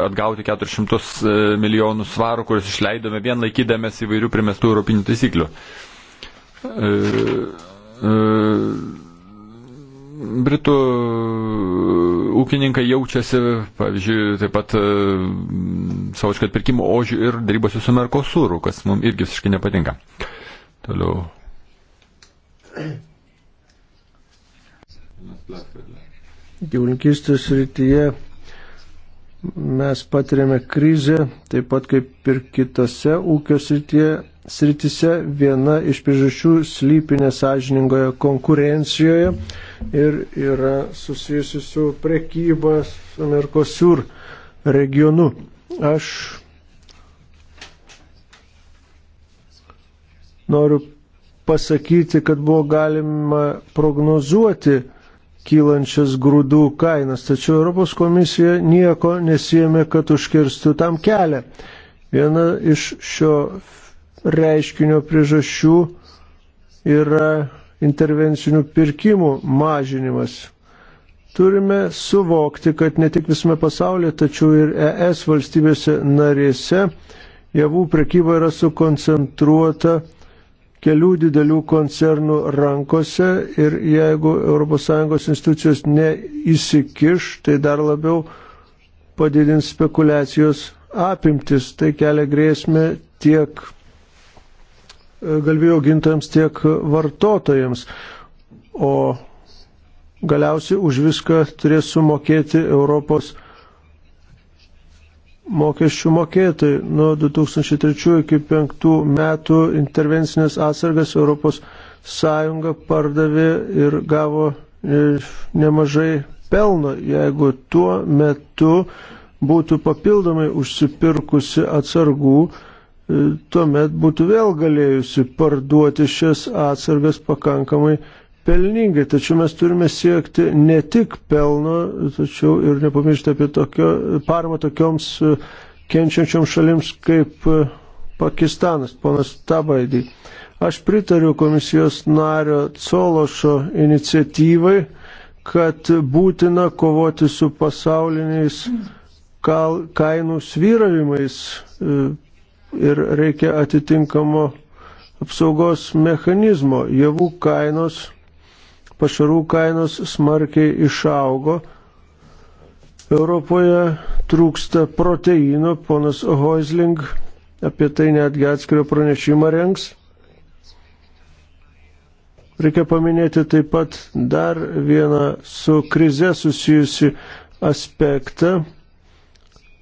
atgauti 400 e, milijonų svarų, kuriuos išleidome vien laikydamės įvairių primestų europinių taisyklių. Britų ūkininkai jaučiasi, pavyzdžiui, taip pat savočkat pirkimų ožių ir darybose su Merkosūru, kas mums irgi visiškai nepatinka. Toliau. Gyvulinkistės rytyje mes patiriame krizę, taip pat kaip ir kitose ūkio srityje. Sritise viena iš priežasčių slypi nesažiningoje konkurencijoje ir yra susijusi su prekyba su Merkosiur regionu. Aš noriu pasakyti, kad buvo galima prognozuoti kylančias grūdų kainas. Tačiau Europos komisija nieko nesijėmė, kad užkirstų tam kelią. Viena iš šio reiškinio priežasčių yra intervencinių pirkimų mažinimas. Turime suvokti, kad ne tik visame pasaulyje, tačiau ir ES valstybėse narėse javų prekyba yra sukoncentruota kelių didelių koncernų rankose ir jeigu ES institucijos neįsikiš, tai dar labiau padidins spekulacijos apimtis. Tai kelia grėsmę tiek e, galvijų augintojams, tiek vartotojams. O galiausiai už viską turės sumokėti Europos mokesčių mokėtojai. Nuo 2003 iki 2005 metų intervencinės atsargas Europos Sąjunga pardavė ir gavo e, nemažai pelno, jeigu tuo metu būtų papildomai užsipirkusi atsargų, e, tuomet būtų vėl galėjusi parduoti šias atsargas pakankamai pelningai, tačiau mes turime siekti ne tik pelno, tačiau ir nepamiršti apie tokio, paramą tokioms e, kenčiančioms šalims kaip e, Pakistanas, ponas Tabaidį. Aš pritariu komisijos nario Cološo iniciatyvai, kad būtina kovoti su pasauliniais kainų svyravimais e, ir reikia atitinkamo apsaugos mechanizmo. Javų kainos pašarų kainos smarkiai išaugo. Europoje trūksta proteino, ponas Hoisling apie tai netgi atskirio pranešimą rengs. Reikia paminėti taip pat dar vieną su krize susijusi aspektą.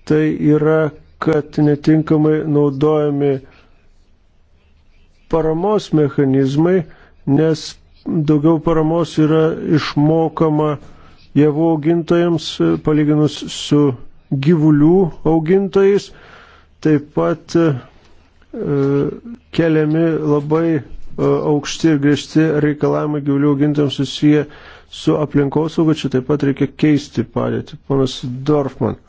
Tai yra, kad netinkamai naudojami paramos mechanizmai, nes daugiau paramos yra išmokama javų augintojams palyginus su gyvulių augintojais. Taip pat e, keliami labai e, aukšti ir griežti reikalavimai gyvulių augintojams susiję su aplinkosauga, čia taip pat reikia keisti padėtį. Ponas Dorfman.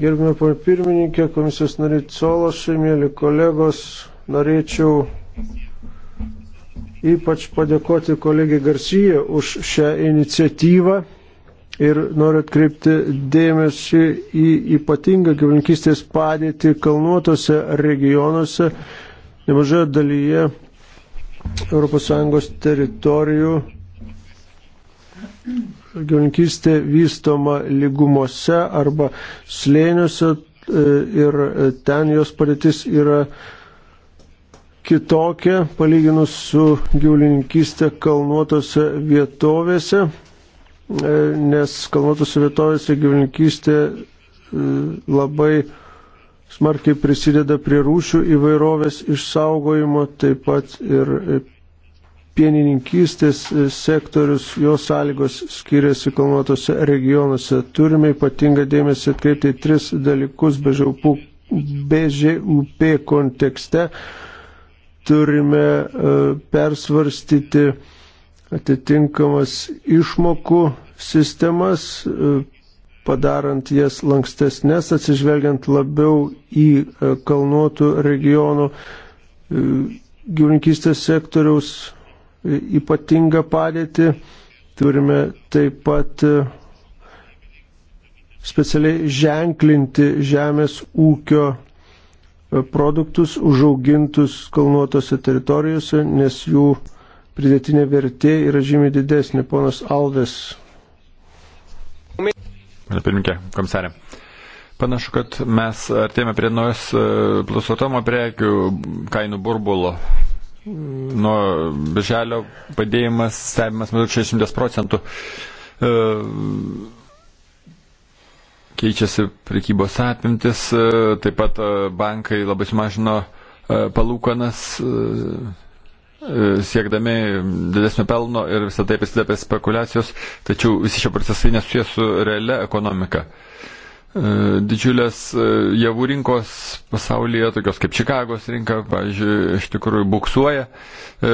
Gerbime pana pirmininkė, komisijos nariai Cološai, mėly kolegos, norėčiau ypač padėkoti kolegiai Garcijai už šią iniciatyvą ir noriu atkreipti dėmesį į ypatingą gyvulinkistės padėtį kalnuotose regionuose, nemažoje dalyje ES teritorijų. Gyvulinkistė vystoma lygumose arba slėniuose e, ir ten jos padėtis yra kitokia palyginus su gyvulininkystė kalnuotose vietovėse, e, nes kalnuotose vietovėse gyvulininkystė e, labai smarkiai prisideda prie rūšių įvairovės išsaugojimo, taip pat ir e, pienininkystės sektorius, jo sąlygos skiriasi kalnuotose regionuose. Turime ypatingą dėmesį atkreipti į tris dalykus BŽUP kontekste turime e, persvarstyti atitinkamas išmokų sistemas, e, padarant jas lankstesnės, atsižvelgiant labiau į e, kalnuotų regionų gyvininkystės sektoriaus ypatingą padėtį. Turime taip pat specialiai ženklinti žemės ūkio produktus užaugintus kalnuotose teritorijose, nes jų pridėtinė vertė yra žymiai didesnė. Ponas Alves. Pane pirmininkė, komisarė. Panašu, kad mes artėjame prie naujos e, plusotomo prekių kainų burbulo. Nuo birželio padėjimas stebimas maždaug 60 procentų. E, keičiasi prekybos apimtis, e, taip pat e, bankai labai sumažino e, palūkanas siekdami didesnio pelno ir visą tai prisideda prie spekulacijos, tačiau visi šie procesai nesusijęs su realia ekonomika. Uh, E, didžiulės e, javų rinkos pasaulyje, tokios kaip Čikagos rinka, pavyzdžiui, iš tikrųjų buksuoja, e,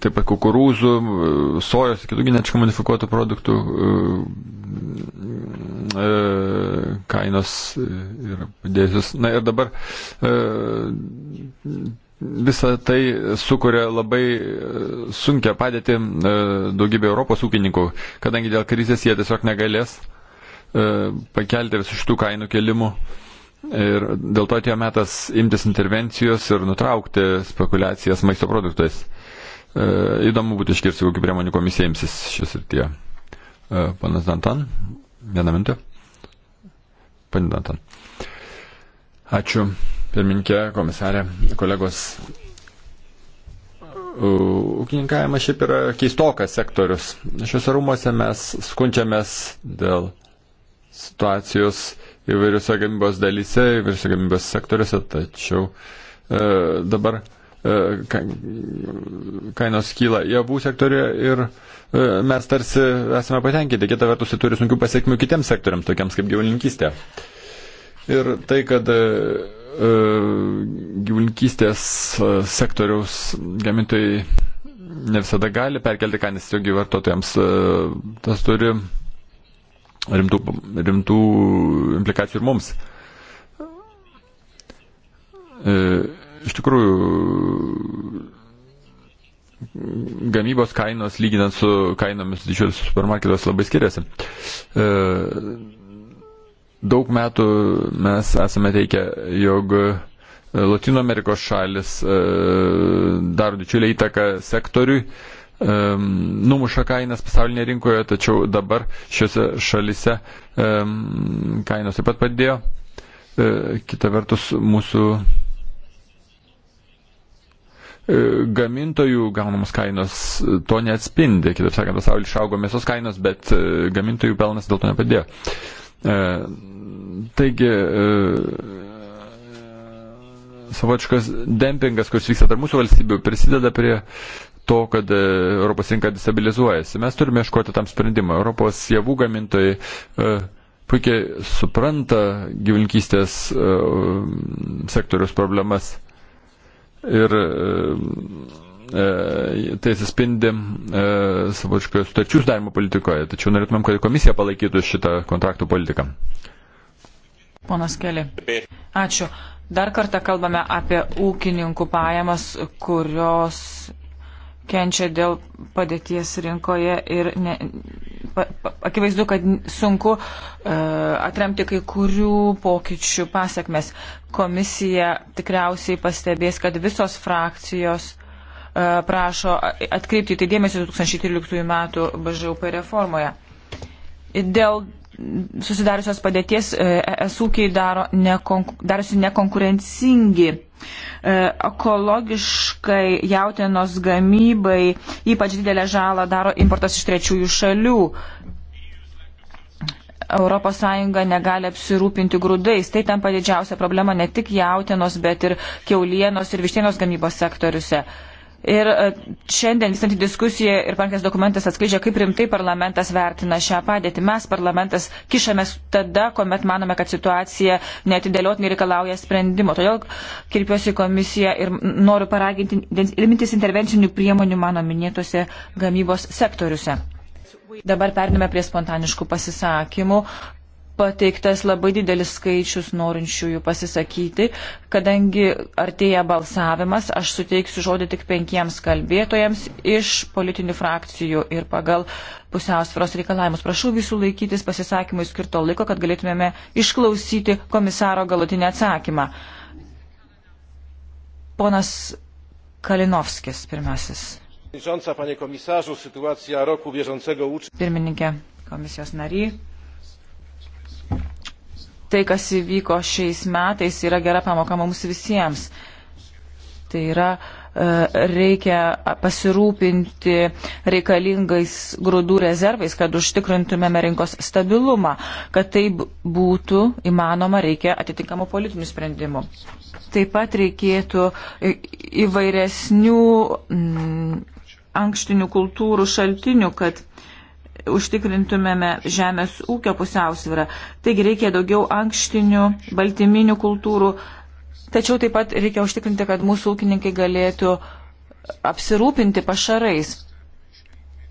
taip pat kukurūzų, sojos, kitų genetiškai modifikuotų produktų kainos yra padėjusios. Na ir dabar visą tai sukuria labai sunkia padėti daugybė Europos ūkininkų, kadangi dėl krizės jie tiesiog negalės E, pakelti visų šitų kainų kelimų. Ir dėl to atėjo metas imtis intervencijos ir nutraukti spekulacijas maisto produktais. E, įdomu būtų iškirsti, kokiu priemonių komisija imsis šis ir tie. E, panas Dantan, vieną minutę. Pane Dantan. Ačiū, pirminkė, komisarė, kolegos. Ūkininkavimas šiaip yra keistokas sektorius. Šiuose rūmose mes skunčiamės dėl situacijos įvairiose gamybos dalyse, įvairiose gamybos sektoriuose, tačiau e, dabar e, kainos kyla javų sektorė ir e, mes tarsi esame patenkinti, kita vertus tai turi sunkių pasiekmių kitiems sektoriams, tokiems kaip gyvulininkystė. Ir tai, kad e, gyvulininkystės sektoriaus gamintojai ne visada gali perkelti kainas tiesiogiai vartotojams, tas turi rimtų, rimtų implikacijų ir mums. E, iš tikrųjų, gamybos kainos lyginant su kainomis didžiosios supermarketos labai skiriasi. E, daug metų mes esame teikę, jog Latino Amerikos šalis e, daro didžiulį įtaką sektoriui, e, um, numuša kainas pasaulinėje rinkoje, tačiau dabar šiuose šalise um, ehm, kainos taip pat padėjo. E, kita vertus, mūsų e, gamintojų gaunamos kainos to neatspindi. Kitaip sakant, pasaulyje išaugo mėsos kainos, bet e, gamintojų pelnas dėl to nepadėjo. E, taigi, e, savotiškas dempingas, kuris vyksta tarp mūsų valstybių, prisideda prie to, kad e, Europos rinka destabilizuojasi. Mes turime iškoti tam sprendimą. Europos javų gamintojai e, puikiai supranta gyvulinkystės e, sektorius problemas. Ir tai atsispindi savočkai sutarčių sudarimo politikoje. Tačiau norėtumėm, kad komisija palaikytų šitą kontraktų politiką. Ponas Keli. Ačiū. Dar kartą kalbame apie ūkininkų pajamas, kurios kenčia dėl padėties rinkoje ir ne, pa, pa, akivaizdu, kad sunku uh, atremti kai kurių pokyčių pasiekmes. Komisija tikriausiai pastebės, kad visos frakcijos uh, prašo atkreipti tai dėmesį 2013 metų BŽUP reformoje. Dėl susidariusios padėties e, ES ūkiai daro nekonku, darosi nekonkurencingi. E, ekologiškai jautienos gamybai ypač didelę žalą daro importas iš trečiųjų šalių. ES negali apsirūpinti grūdais. Tai tampa didžiausia problema ne tik jautienos, bet ir keulienos ir vištienos gamybos sektoriuose. Uh, Ir e, šiandien vykstanti diskusija ir pankės dokumentas atskleidžia, kaip rimtai parlamentas vertina šią padėtį. Mes parlamentas kišamės tada, kuomet manome, kad situacija netidėliotinai reikalauja sprendimo. Todėl kirpiuosi komisiją ir noriu paraginti imtis intervencinių priemonių mano minėtose gamybos sektoriuose. Dabar periname prie spontaniškų pasisakymų pateiktas labai didelis skaičius norinčiųjų pasisakyti. Kadangi artėja balsavimas, aš suteiksiu žodį tik penkiems kalbėtojams iš politinių frakcijų ir pagal pusiausvėros reikalavimus. Prašau visų laikytis pasisakymui skirto laiko, kad galėtumėme išklausyti komisaro galutinį atsakymą. Ponas Kalinovskis pirmasis. Pirmininkė, komisijos nariai tai, kas įvyko šiais metais, yra gera pamoka mums visiems. Tai yra, e, reikia pasirūpinti reikalingais grūdų rezervais, kad užtikrintumėme rinkos stabilumą. Kad tai būtų įmanoma, reikia atitinkamų politinių sprendimų. Taip pat reikėtų įvairesnių ankštinių kultūrų šaltinių, kad uh, užtikrintumėme žemės ūkio pusiausvyrą. Taigi reikia daugiau ankštinių, baltyminių kultūrų, tačiau taip pat reikia užtikrinti, kad mūsų ūkininkai galėtų apsirūpinti pašarais.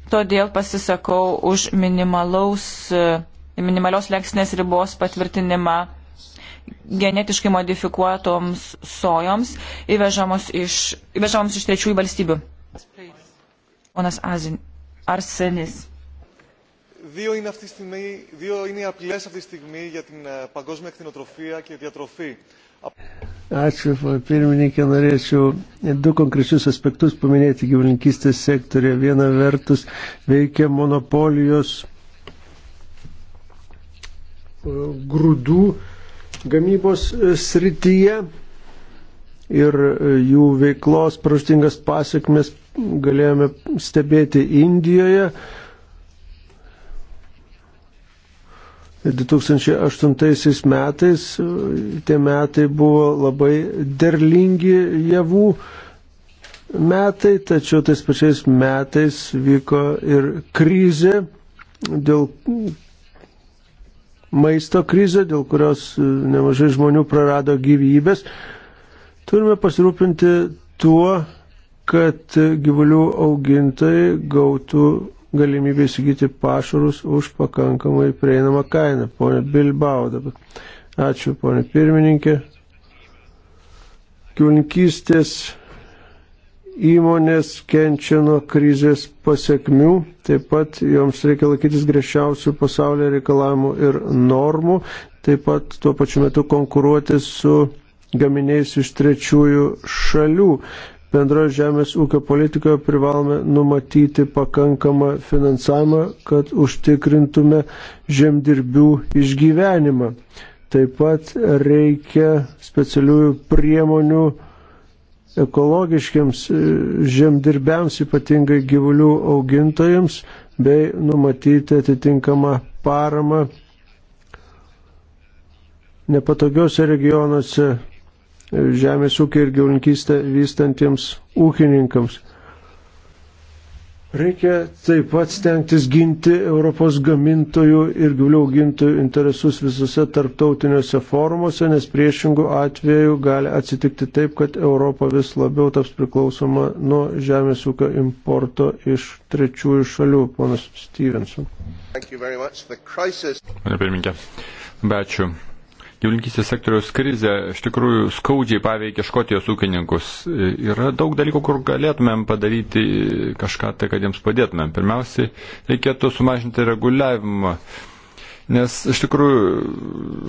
Todėl pasisakau už minimalios leksnės ribos patvirtinimą genetiškai modifikuotoms sojoms įvežamoms iš, įvežamoms iš trečiųjų valstybių. Ponas Azin, Arsenis. Δύο είναι, αυτή τη στιγμή, δύο είναι οι απειλές αυτή τη στιγμή για την παγκόσμια κτηνοτροφία και διατροφή. Ačiū, pirmininkė, norėčiau du konkrečius aspektus paminėti gyvulininkystės sektorė. Viena vertus veikia monopolijos e, grūdų gamybos e, srityje ir e, jų veiklos praštingas pasiekmes galėjome stebėti Indijoje 2008 metais, tie metai buvo labai derlingi javų metai, tačiau tais pačiais metais vyko ir krizė dėl maisto krizė, dėl kurios nemažai žmonių prarado gyvybės. Turime pasirūpinti tuo, kad gyvulių augintojai gautų galimybę įsigyti pašarus už pakankamai prieinamą kainą. Pone Bilbao dabar. Ačiū, pone pirmininkė. Kiulininkystės įmonės kenčia nuo krizės pasiekmių, taip pat joms reikia laikytis griežčiausių pasaulio reikalavimų ir normų, taip pat tuo pačiu metu konkuruoti su gaminiais iš trečiųjų šalių bendroje žemės ūkio politikoje privalome numatyti pakankamą finansavimą, kad užtikrintume žemdirbių išgyvenimą. Taip pat reikia specialiųjų priemonių ekologiškiams e, žemdirbiams, ypatingai gyvulių augintojams, bei numatyti atitinkamą paramą nepatogiuose regionuose žemės ūkio ir gyvulinkystę vystantiems ūkininkams. Reikia taip pat stengtis ginti Europos gamintojų ir gyvulių augintojų interesus visose tarptautiniuose forumuose, nes priešingų atvejų gali atsitikti taip, kad Europa vis labiau taps priklausoma nuo žemės ūkio importo iš trečiųjų šalių, ponas Stevenson. Pane pirmininkė, ačiū gyvulinkystės sektoriaus krizė iš tikrųjų skaudžiai paveikė Škotijos ūkininkus. Yra daug dalykų, kur galėtumėm padaryti kažką tai, kad jiems padėtumėm. Pirmiausiai, reikėtų sumažinti reguliavimą. Nes iš tikrųjų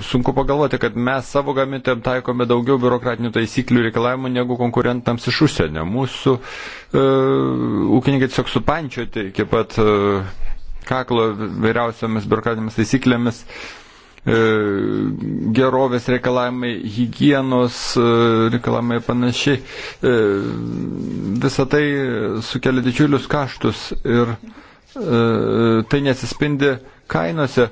sunku pagalvoti, kad mes savo gamintėm taikome daugiau biurokratinių taisyklių reikalavimų negu konkurentams iš užsienio. Mūsų e, ūkininkai tiesiog supančioti iki pat e, kaklo vairiausiamis biurokratinėmis taisyklėmis. E, E, gerovės reikalavimai, hygienos e, reikalavimai ir panašiai. E, Visą tai sukelia didžiulius kaštus ir tai nesispindi kainose,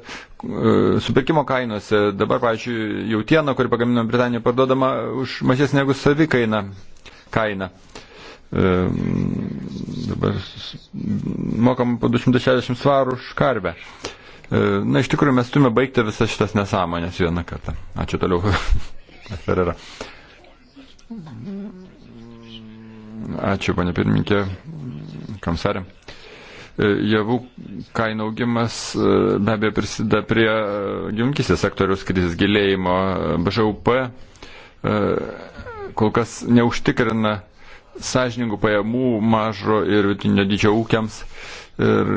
supirkimo kainose. Dabar, pavyzdžiui, jautiena, kuri pagaminama Britanijoje, parduodama už mažesnį negu savikaina kaina. Dabar mokam po 260 svarų už karvę. E, E, na, iš tikrųjų, mes turime baigti visas šitas nesąmonės vieną kartą. Ačiū toliau. Ferrera. Ačiū, panė pirmininkė, komisarė. E, javų kainų augimas e, be abejo prisideda prie gyvunkysės sektoriaus krizės gilėjimo. BŽUP kol kas neužtikrina sąžiningų pajamų mažo ir vidutinio dydžio ūkiams. Ir,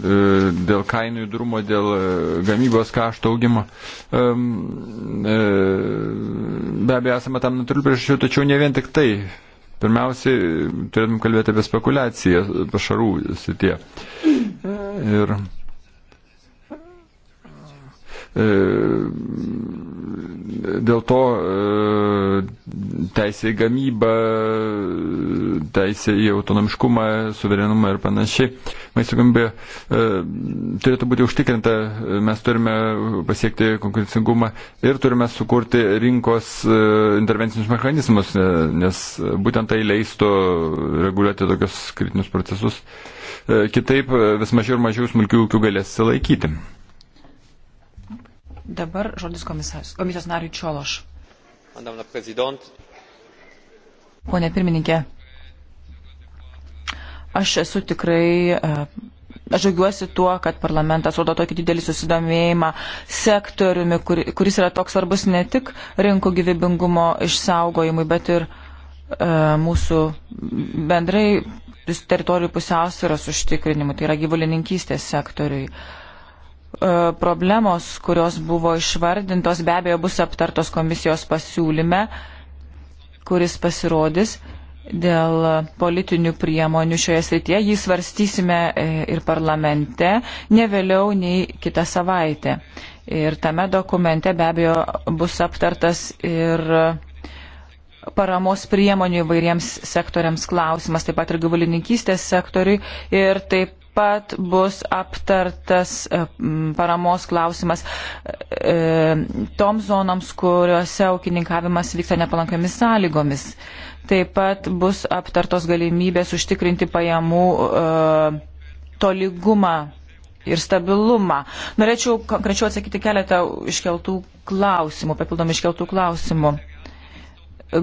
E, dėl kainų įdrumo, dėl e, gamybos kašto augimo. E, be abejo, esame tam natūralių priežasčių, tačiau ne vien tik tai. Pirmiausiai, turėtum kalbėti apie spekulaciją pašarų sitie. Ir e, dėl to e, teisė į gamybą, teisė į autonomiškumą, suverenumą ir panašiai. Maisto gamybė e, turėtų būti užtikrinta, mes turime pasiekti konkurencingumą ir turime sukurti rinkos e, intervencinius mechanizmus, nes būtent tai leistų reguliuoti tokius kritinius procesus. Kitaip vis mažiau ir mažiau smulkių ūkių galės silaikyti. Dabar žodis komisijos, komisijos nariui Čiološ. Pone pirmininkė, aš esu tikrai. E, aš žiaugiuosi tuo, kad parlamentas rodo tokį didelį susidomėjimą sektoriumi, kur, kuris yra toks svarbus ne tik rinkų gyvybingumo išsaugojimui, bet ir e, mūsų bendrai teritorijų pusiausvėros užtikrinimui, tai yra gyvulininkystės sektoriui. E, E, problemos, kurios buvo išvardintos, be abejo bus aptartos komisijos pasiūlyme, kuris pasirodys dėl politinių priemonių šioje srityje. Jį svarstysime e, ir parlamente ne vėliau nei kitą savaitę. Ir tame dokumente be abejo bus aptartas ir paramos priemonių įvairiems sektoriams klausimas, taip pat ir gyvulininkystės sektoriui ir taip pat bus aptartas e, paramos klausimas e, toms zonoms, kuriuose ūkininkavimas vyksta nepalankiamis sąlygomis. Taip pat bus aptartos galimybės užtikrinti pajamų e, tolygumą ir stabilumą. Norėčiau konkrečiau atsakyti keletą iškeltų klausimų, papildomų iškeltų klausimų.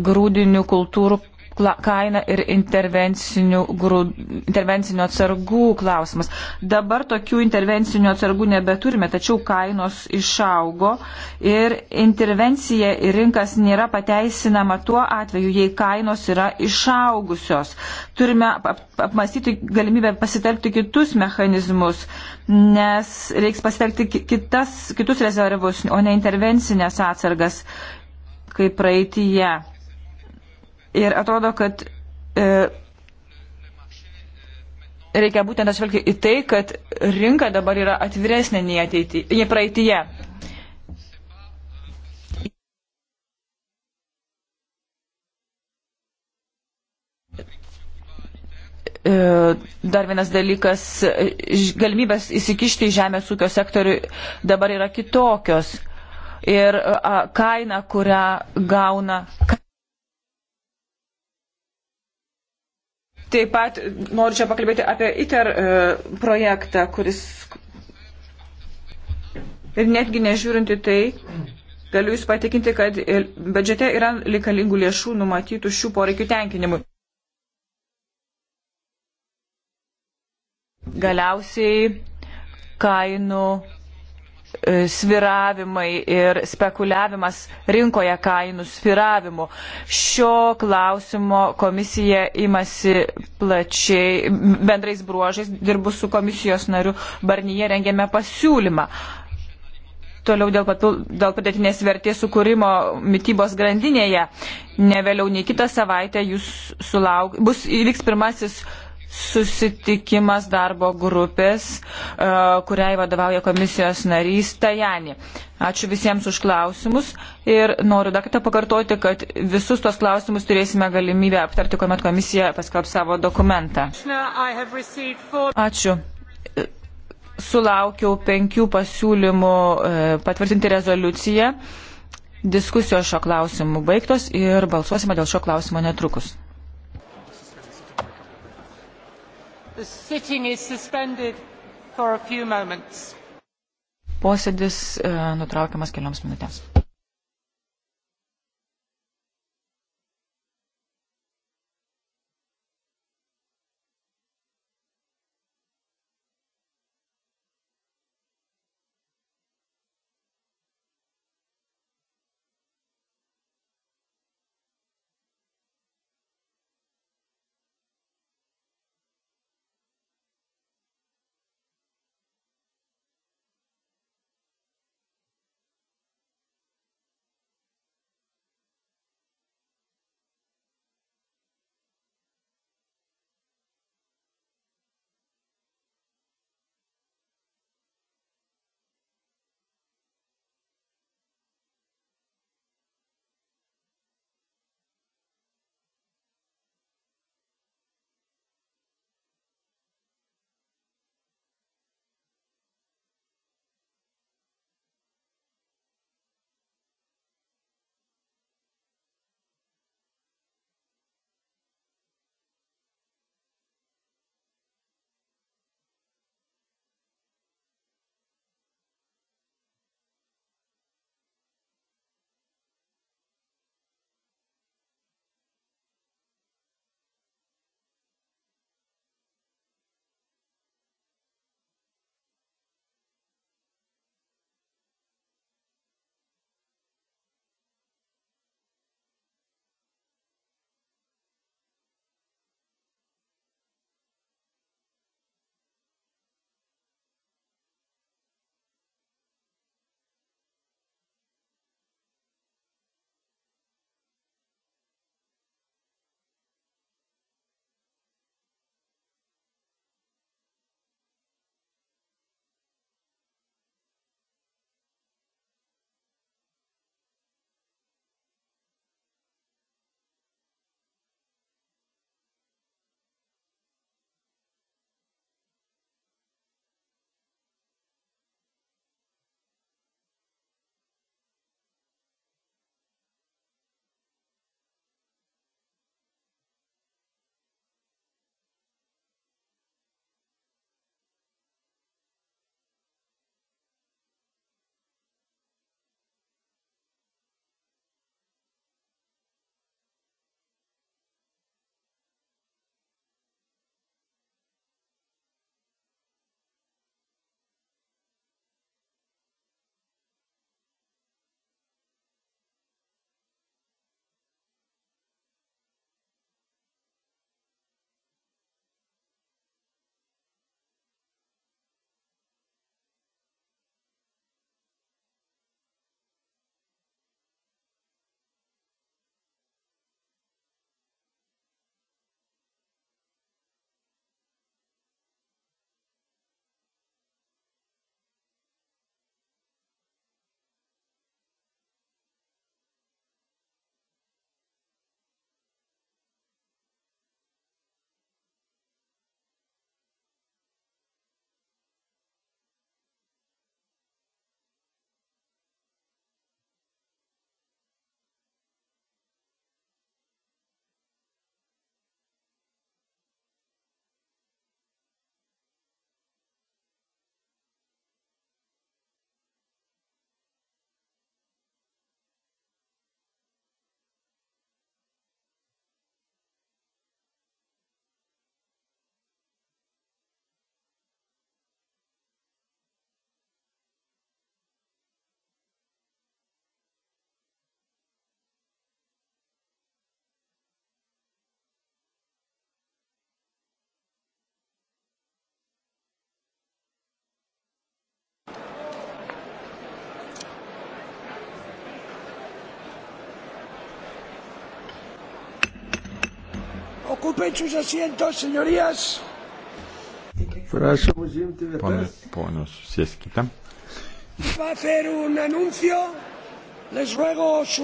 Grūdinių kultūrų kainą ir intervencinių, grū, intervencinių atsargų klausimas. Dabar tokių intervencinių atsargų nebeturime, tačiau kainos išaugo ir intervencija į rinkas nėra pateisinama tuo atveju, jei kainos yra išaugusios. Turime apmastyti galimybę pasitelkti kitus mechanizmus, nes reiks pasitelkti kitas, kitus rezervus, o ne intervencinės atsargas kaip praeitįje. Ir atrodo, kad e, reikia būtent atsvelgti į tai, kad rinka dabar yra atviresnė nei, ateity, nei praeitie. E, dar vienas dalykas, e, galimybės įsikišti į žemės ūkio sektorių dabar yra kitokios. Ir kaina, kurią gauna. Taip pat noriu čia pakalbėti apie ITER e, projektą, kuris ir netgi nežiūrinti tai, galiu Jūs patikinti, kad biudžete yra reikalingų lėšų numatytų šių poreikių tenkinimui. Galiausiai kainų E, sviravimai ir spekuliavimas rinkoje kainų sviravimu. Šio klausimo komisija imasi plačiai, bendrais bruožais, dirbu su komisijos nariu Barnyje, rengėme pasiūlymą. Toliau dėl, papil, dėl padėtinės vertės sukūrimo mytybos grandinėje. Ne vėliau nei kitą savaitę jūs sulauk, bus įvyks pirmasis susitikimas darbo grupės, e, kuriai vadovauja komisijos narys Tajani. Ačiū visiems už klausimus ir noriu dar kartą pakartoti, kad visus tos klausimus turėsime galimybę aptarti, kuomet komisija paskelbs savo dokumentą. Ačiū. Sulaukiau penkių pasiūlymų e, patvirtinti rezoliuciją. Diskusijos šio klausimu baigtos ir balsuosime dėl šio klausimo netrukus. The sitting is suspended for a few moments. Posėdis e, nutraukiamas kelioms minutėms. Ocupen sus asientos, señorías. Prašom užimti vietas. Ponios, sėskite. Va a hacer un anuncio. Les ruego su